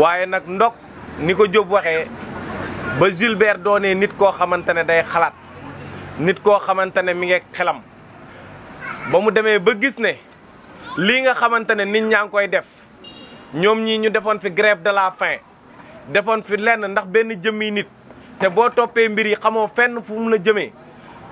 waaye nag ndok ni ko Diop waxee ba Gilbert doonee nit koo xamante ne day xalaat nit koo xamante ne mi ngi xelam ba mu demee ba gis ne lii nga xamante ne nit ñaa ngi koy def ñoom ñii ñu defoon fi grève de la faim defoon fi lenn ndax benn jëmmi nit te boo toppee mbir yi xamoo fenn fu mu la jëme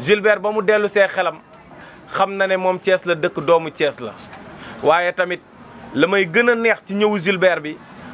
Gilbert ba mu dellu see xelam xam na ne moom cees la dëkk doomu cees la waaye tamit la may gën a neex ci ñëwu Gilbert bi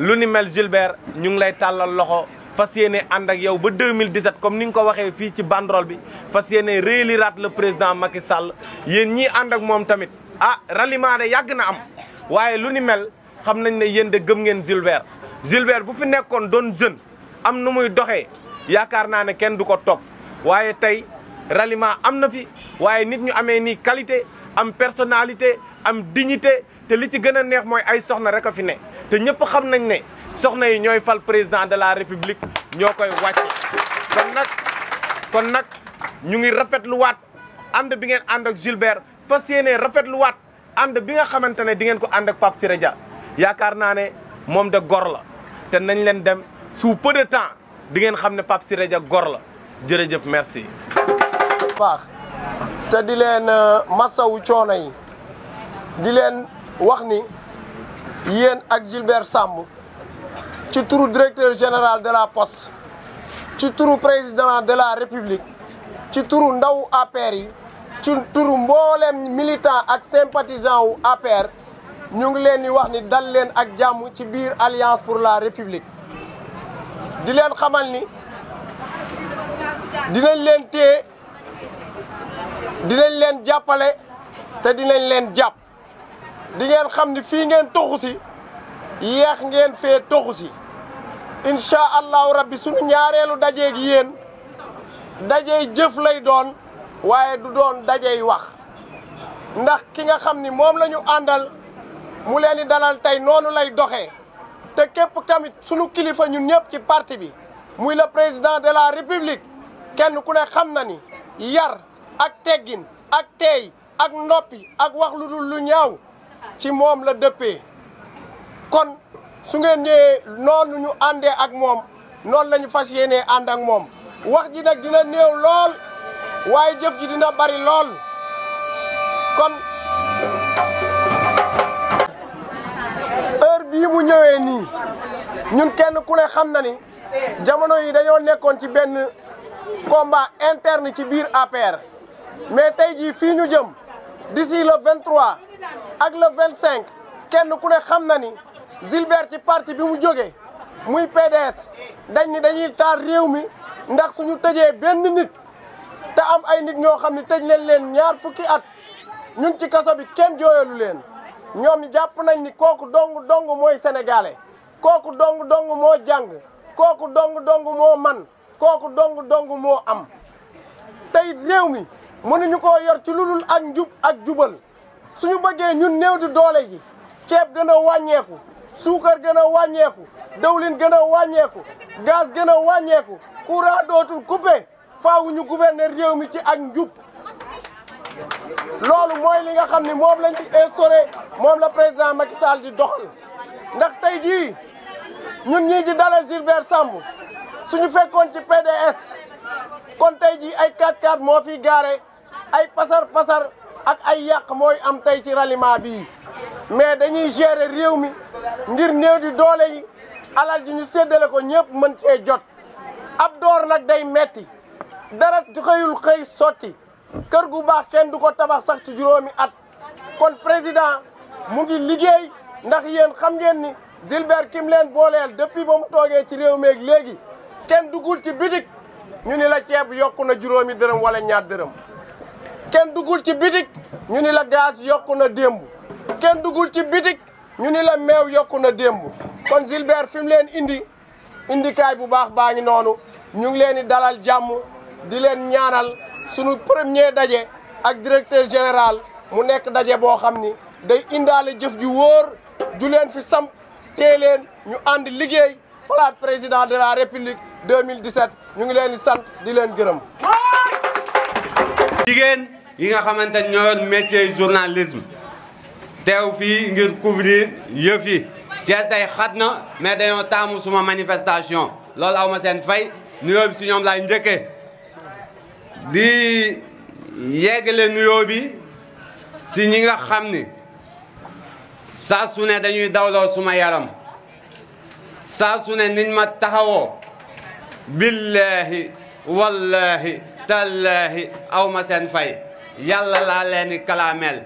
lu ni mel Gilbert ñu ngi lay tàllal loxo fas yéene ànd ak yow ba 2017 comme ni nga ko waxee fii ci banderole bi fas yéene rééliraat la président Macky Sall yéen ñii ànd ak moom tamit ah ralliement de yàgg na am waaye lu ni mel xam nañ ne yéen de gëm ngeen Gilbert Gilbert bu fi nekkoon doon jeune am nu muy doxee yaakaar naa ne kenn du ko topp waaye tey ralliement am na fi waaye nit ñu amee nii qualité am personnalité am dignité te li ci gën a neex mooy ay soxna rek a fi ne té ñëpp xam nañ ne soxna yi ñoy fal président de la république ñokoy wacc kon nak kon nak ñu ngi wat and bi ngeen and ak Gilbert fas yéene wat and bi nga xamantene ne di ngeen ko and ak Pape Sirédia yaakar na né ne de gor la té nañ leen dem sous peu de temps di ngeen xam ne Pape Sirédia gor la jërëjëf merci. baax te di leen euh, masawu coono yi di leen wax ni. yéen ak Gilbert Samb ci turu directeur général de la poste ci turu président de la république ci turu ndawu APR yi ci turu mboolem militant ak sympathisant wu APR ñu ngi leen di wax ni dal leen ak jàmm ci biir alliance pour la république di leen xamal ni dinañ leen téye dinañ leen jàppale te dinañ leen jàpp di xam ni fii ngeen toxu si yeex ngeen fee toxu si incha allahu rabbi sunu ñaareelu dajeeg yéen dajey jëf lay doon waaye du doon dajey wax ndax ki nga xam ni moom lañu àndal mu leen di dalal tey noonu lay doxe te képp tamit sunu kilifa ñu ñëpp ci parti bi muy la président de la république kenn ku ne xam na ni yar ak teggin ak teey ak noppi ak wax lu dul lu ñaaw ci mom la deppé kon su ngeen non noonu ñu andé ak mom non la fasiyéné and ak mom wax ji nak dina neew lool waye jëf ji dina bari lool kon heure bi mu ñëwé ni ñun kenn ku ne xam ni jamono yi dañoo nekkon ci ben combat interne ci bir APR mais tay ji fi ñu jëm d'ici le 23. ak le 25 kenn ku ne xam na ni Gilbert ci parti bi mu jóge muy PDS dañ ni dañuy taar réew mi ndax suñu tëjee benn nit te am ay nit ñoo xam ne tëj leen leen ñaar fukki at ñun ci kaso bi kenn jooyalu leen ñoom jàpp nañ ni kooku dong dong mooy sénégalais kooku dong dong moo jàng kooku dong dong moo man kooku dong dong moo am tey réew mi mënuñu ko yor ci lu dul ak njub ak jubal suñu bëggee ñun néew di doole ji ceeb gën a wàññeeku suukar gën a wàññeeku dawlin gën a wàññeeku gaz gën a wàññeeku courant dootul coupé faaw ñu gouverner réew mi ci ak njub loolu mooy li nga xam ni moom lañ ci instauré moom la président Macky Sall di doxal ndax tey jii ñun ñii ci dalal Gilbert Samb suñu fekkoon ci PDS kon tey jii ay 4 x moo fi gaare ay pasar pasar ak ay yàq mooy am tey ci ralliement bii mais dañuy gérer réew mi ngir néew di doole yi alal ji ñu séddale ko ñëpp mën cee jot ab door nag day metti dara xëyul xëy sotti kër gu baax kenn du ko tabax sax ci juróomi at kon président mu ngi liggéey ndax yéen xam ngeen ni Gilbert kim leen booleel depuis ba mu toogee ci réew meeg léegi kenn duggul ci bitik ñu ni la ceeb yokku na juróomi dërëm wala ñaar dërëm kenn duggul ci bitik ñu ni la gaz yokku na démb kenn dugul ci bitik ñu ni la meew yokk na démb kon Gilbert fim leen indi indikaay bu baax baa ngi noonu ñu ngi leen di dalal jàmm di leen ñaanal suñu premier daje ak directeur général mu nekk daje boo xam ni day indaale jëf ju wóor ju leen fi samp tee leen ñu ànd liggéey falaat président de la république 2017 ñu ngi leen di sant di leen gërëm nga xamante ñoo yor métier journalisme teew fii ngir couvrir yëf yi Thiès day xat mais dañoo taamu suma manifestation loolu aw seen fay nuyoo bi si ñoom laay njëkkee di yeggale nuyoo bi si ñi nga xam ni saa su ne dañuy dawloo suma yaram saa su ne niñ ma taxawoo billahi wallahi tallahi aw ma seen fay yàlla laa leeni kalaameel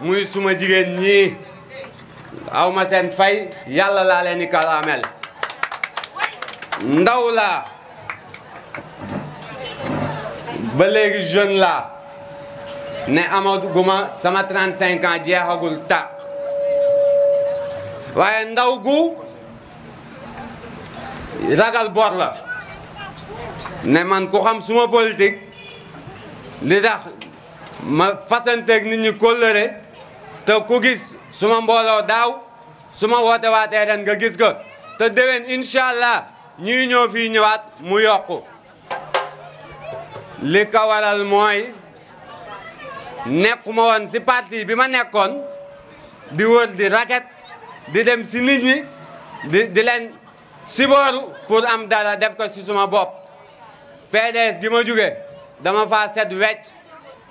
muy suma jigéen ñii awma ma seen fay yàlla laa leeni kalaameel ndaw laa ba léegi jeune laa ne amaguma sama 35 ans jeexagul ta waaye ndaw gu ragal bor la ne man ku xam suma politique li tax ma fasanteeg nit ñi kóllëre te ku gis suma mbooloo daaw suma woote waatee ren nga gis ko te déwén incha allah ñii ñoo fii ñëwaat mu yokku li ko waral mooy nekkuma woon si parti bi ma nekkoon di wër di raket di dem si nit ñi di di leen sibooru pour am dara def ko si suma bopp PDS gi ma jóge dama faa set wecc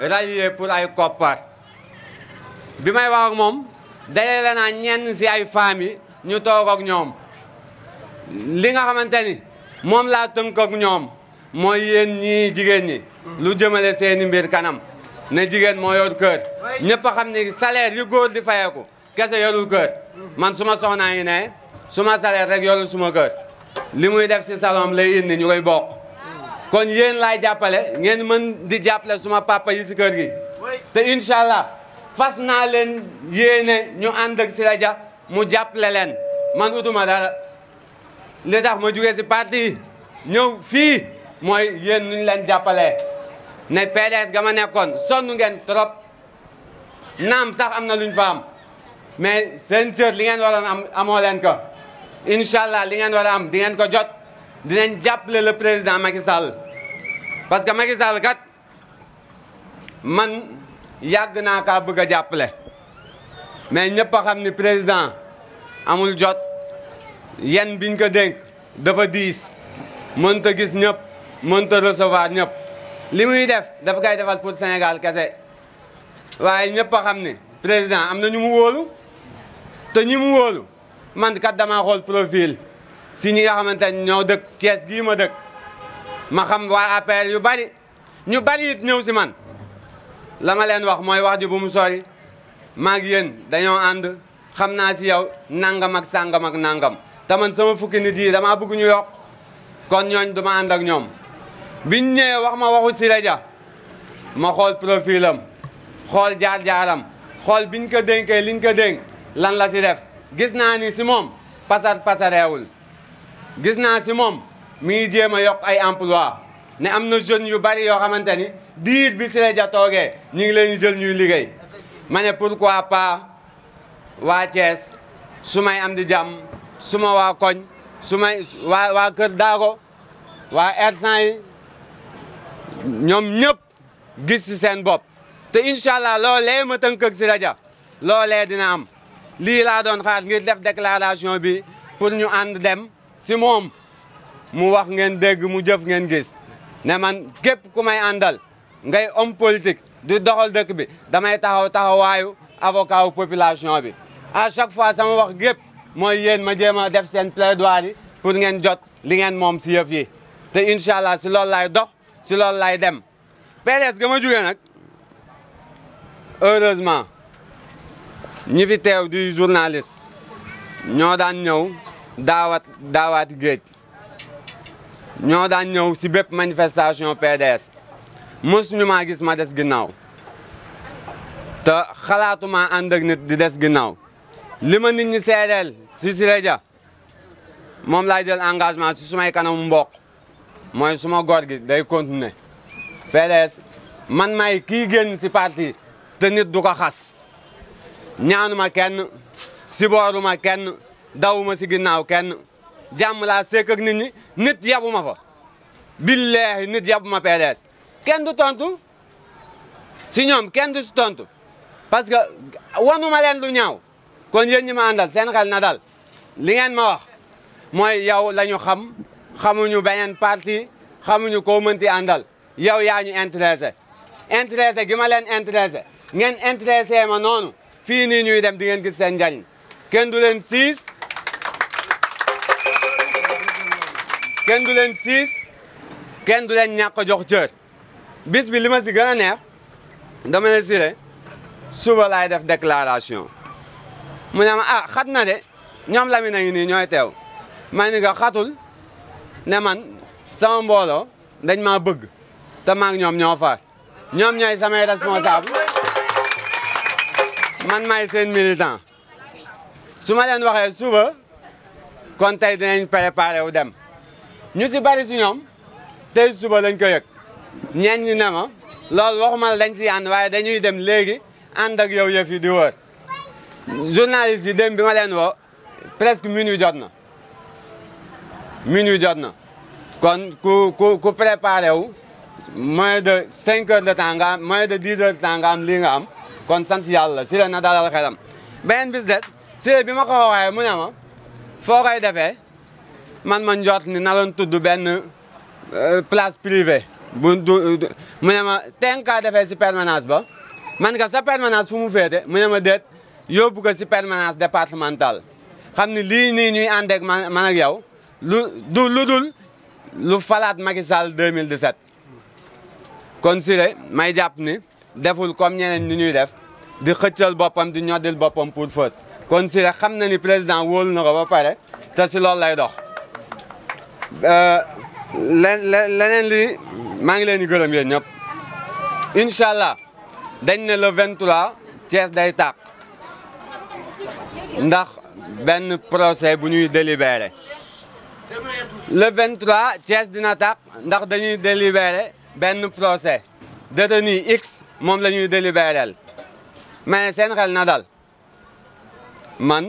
rallier pour ay koppar bi may wax moom dajale naa ñenn si ay famille ñu toog ak ñoom li nga xamante ni moom laa tënk ak ñoom mooy yéen ñi jigéen ñi lu jëmale seeni mbir kanam ne jigéen moo yor kër ñëpp a xam ni salaire yu góor di fayeeku kese yorul kër man suma soxnaa ngi ne suma salaire rek yorul suma kër li muy def si salon lay indi ñu koy bokk kon yéen laay jàppale ngeen mën di jàppale suma pappa yi si kër gi te incha allah fas naa leen yéene ñu ànd ak Siré mu jàppale leen man utuma dara li tax ma jugee si parti yi ñëw fii mooy yéen nuñ leen jàppalee ne PDS ga ma nekkoon sonn ngeen trop naam sax am na luñ fa am mais seen cër li ngeen waroon am amoo leen ko incha allah li ngeen war a am di ngeen ko jot dinañ jàppale le président Macky Sall parce que Macky Sall kat man yàgg naa kaa bëgg a jàppale mais ñëpp a xam ni président amul jot yen biñ ko dénk dafa diis mënta gis ñëpp mënta recevoir ñëpp li muy def dafa koy defal pour Sénégal kese waaye ñëpp a xam ni président am na ñu mu wóolu te ñi mu wóolu man kat damaa xool profil si ñi nga xamante ne ñoo dëkk Thiès gii ma dëkk ma xam waa APR yu bari ñu bari ñëw si man la ma leen wax mooy wax ji bu mu sori maag yéen dañoo ànd xam naa si yow nangam ak sàngam nangam te man sama fukki nit yi damaa bëgg ñu yok kon ñooñ duma ànd ak ñoom biñ ñëwee wax ma waxu Siré Dia ma xool profil xool jaar-jaaram xool biñ ko dénkee liñ ko dénk lan la si def gis naa ni si moom pasar pasareewul gis naa si moom mi ngi jéem a yokk ay emploi ne am na jeunes yu bari yoo xamante ni diir bi si la ja toogee ñu ngi leen di jël ñuy liggéey ma ne pourquoi pas waa Thiès su may am di jàmm suma ma waa koñ su may waa waa Kër Daago waa Hersent yi ñoom ñëpp gis si seen bopp te incha allah loolee ma tënk si rajo loolee dina am lii laa doon xaar ngir def déclaration bi pour ñu ànd dem si moom. mu wax ngeen dégg mu jëf ngeen gis ne man képp ku may àndal ngay homme politique di doxal dëkk bi damay taxaw taxawaayu avocat wu population bi à chaque fois sama wax gépp mooy yéen ma jéem a def seen plaidoirie yi pour ngeen jot li ngeen moom si yëf yi te incha allah si loolu laay dox si loolu laay dem PDS ga ma jugee nag heureusement ñi fi teew di journaliste ñoo daan ñëw daawat daawaati géej ñoo daan ñëw si bépp manifestation PDS mësuñu maa gis ma des ginnaaw te xalaatuma ànd ak nit di des ginnaaw li ma nit ñi seedeel si Siré Dia moom laay jël engagement si sumay kanamu mbokk mooy suma góor gi day continuer PDS man may kii génn si parti te nit du ko xas ñaanuma kenn sibooruma kenn dawuma si ginnaaw kenn jàmm laa seek ak nit ñi nit yabu ma fa billahi nit yabu ma PDS kenn du tontu si ñoom kenn du si tontu parce que wanu ma leen lu ñaaw kon yéen ñi àndal seen xel na dal li ngeen ma wax mooy yow la xam xamuñu beneen parti xamuñu koo mënti àndal yow yaa ñu intéressé intéressé gi ma leen intéressé ngeen intéressé ma noonu fii nii ñuy dem di ngeen gis seen njariñ kenn leen siis kenn du leen siis kenn du leen ñàkk jox cër bis bi li ma si gën a neex dama ne Siré suba laay def déclaration mu ne ma ah xat de ñoom Lamine a nii ñooy teew ma ni nga xatul ne man sama mbooloo dañ maa bëgg te maa ñoom ñoo ñoom ñooy samay responsable man maay seen militant su ma leen waxee suba kon tey dinañ préparé wu dem ñu si bari si ñoom tey suba lañ ko yëg ñenn ñi ne ma loolu waxuma la dañ si ànd waaye dañuy dem léegi ànd ak yow yëf yi di wër journaliste yi dem bi ma leen woo presque minuit jot na minuit jot na kon ku ku ku préparé wu moins de cinq heures de temps nga de dix heures lii nga am kon sant yàlla si la na dalal xelam beneen bis des si la bi ma ko waxee mu ne ma foo koy defee man ma njoot ni nala tudd benn euh, place privée bu du mu ne ma teen kaa defee si permanence ba man ka sa permanence fu mu féete mu ne ma déet yóbbu ko si permanence départementale xam ni lii nii ñuy ànd ak man yow lu du lu dul lu falaat Macky Sall 2017 kon Siré may jàpp ni deful comme ñeneen ni ñuy def di xëccal boppam di ñoddil boppam pour fës kon Siré xam na ni président wóolu na ko ba pare te si loolu lay dox Euh, leneen li maa ngi leen di gërëm yéen ñëpp incha allah dañ ne le 23 day tàq ndax benn procès bu ñuy délibéré le 23 Thiès dina tàq ndax dañuy délibéré benn procès détenu X moom la ñuy délibérel mais seen xel na dal man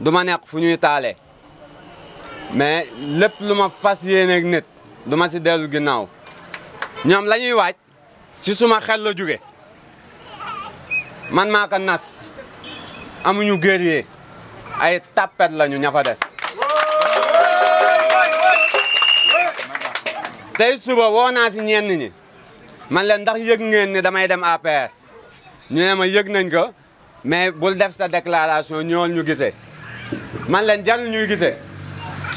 du ma nekk fu ñuy taalee mais lépp lu ma fas yéene ak nit du ma si dellu ginnaaw ñoom la ñuy waaj si suma xel la jóge man maa ko nas amuñu guerrier ay tappet lañu ña fa des tey suba woo naa si ñenn ñi man leen ndax yëg ngeen ni damay dem APR ñu ne ma yëg nañ ko mais bul def sa déclaration ñool ñu gisee man leen jarul ñuy gisee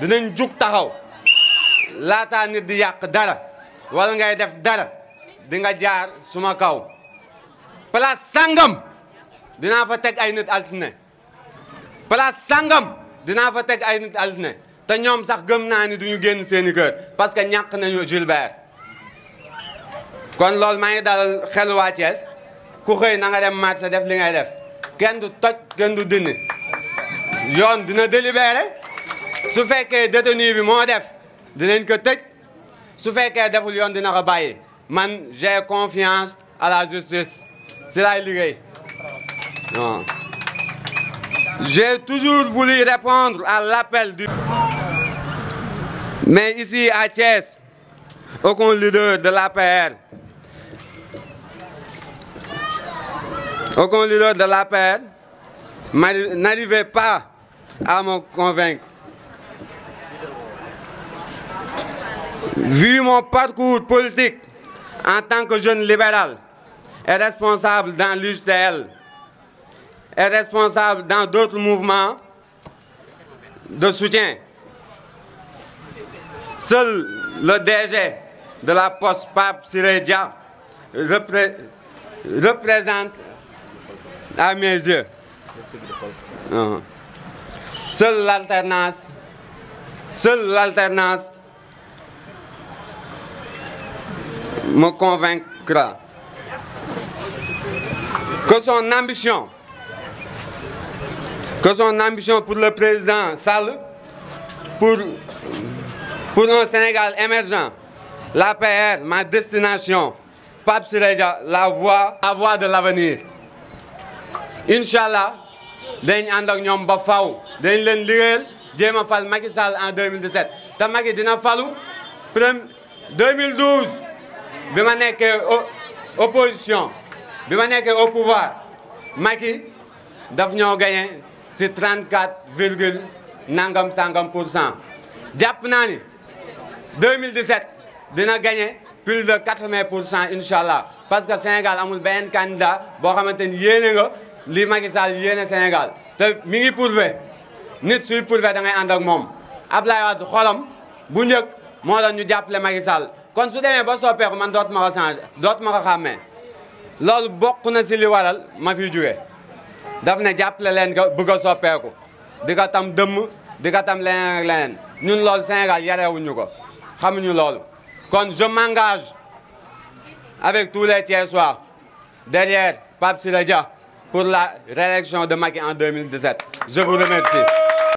dinañ jug taxaw laataa nit di yàq dara wala ngay def dara dinga jaar suma kaw place sangam dinaa fa teg ay nit altine place sangam dinaa fa teg ay nit altine te ñoom sax gëm naa ni duñu génn seeni kër parce que ñàkk nañu Gilbert kon loolu maa ngi dalal xel waa Thiès ku xëy na nga dem marché def li ngay def kenn du toj kenn du yoon dina délibéré su que eh, détenu bi moo def dinañ ko tëj su fekkee eh, deful yoon dina j'ai confiance à la justice C'est laay liggéey non j'ai toujours voulu répondre à l'appel du mais ici à Thiès aucun leader de l'APR aucun leader de l'APR n'arrivait pas à me convaincre Vu mon parcours politique en tant que jeune libéral et responsable dans l'UCL et responsable dans d'autres mouvements de soutien, seul le DG de la poste Pape Siréja représente à mes yeux. Uh-huh. Seule l'alternance, seule l'alternance me convaincra que son ambition, que son ambition pour le président Sall, pour, pour un Sénégal émergent, la l'APR, ma destination, Pape Sireja, la voie, la voie de l'avenir. Inch'Allah, dañ ànd ak de ba faw dañ en 2017 te Macky dina 2012 bi ma opposition bi ma au pouvoir Macky daf ñoo gagné ci 34 nangam sangam pour cent jàpp 2017 dina gagné plus de 80 Inshallah, parce que Sénégal amul benn candidat boo xamante ni yéene nga li Macky Sall yéene Sénégal te mi ngi prouvé nit suy prouvé da ngay ànd ak moom Abdoulaye Wade xolam bu njëkk moo doon ñu jàppale Macky kon su demee ba soppeeku man doot ma ko changé doot ma ko xàmmee loolu bokk na si li waral ma fi jóge daf ne jàppale leen nga bëgg a soppeeku di ko tam dëmm di ko tam leneen ak leneen ñun loolu Sénégal yarewuñu ko xamuñu loolu kon je m'engage avec tous les Thiessois derrière Pape Siré Dia pour la réélection de Macky en 2017 je vous remercie